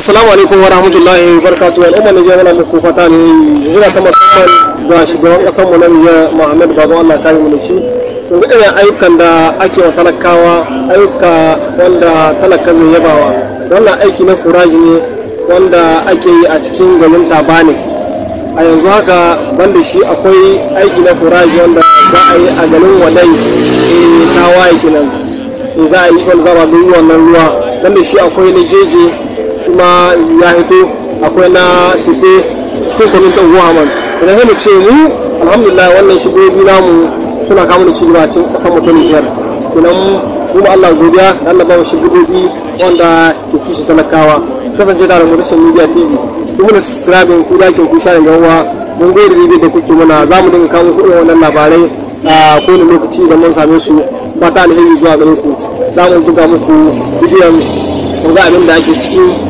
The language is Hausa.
assalamu alaikum wa rahmatullahi wa barakatuhu al'umma ne da muku fata ne jira ta musamman ga shugaban kasar mu na ya Muhammad Bazo Allah ta yi mu shi to ga irin ayyukan da ake wa talakawa ayyuka wanda talaka zai yabawa wannan aiki na furaji ne wanda ake yi a cikin garin Tabane a yanzu haka banda shi akwai aiki na furaji wanda za a yi a garin Wadai eh, tawaye kenan eh, za a yi shi wanda za a ruwa nan ruwa banda shi akwai na jeje kuma ya hito akwai na site cikin kwamitin woman idan sai mu ce mu alhamdulillah wannan shigogi namu suna kama da cigaba cin kasar mutum biyar kenan mu Allah godiya da Allah ba mu shigogi wanda ke kishi talakawa kasance da rashin media tv kuma da subscribe ku da ku share uwa mun gode da da kuke mana za mu dinga kawo kuɗin wannan labarai a kowane lokaci da mun same su ba ta alheri zuwa gare ku za mu buga muku bidiyon kun ga abin da ake ciki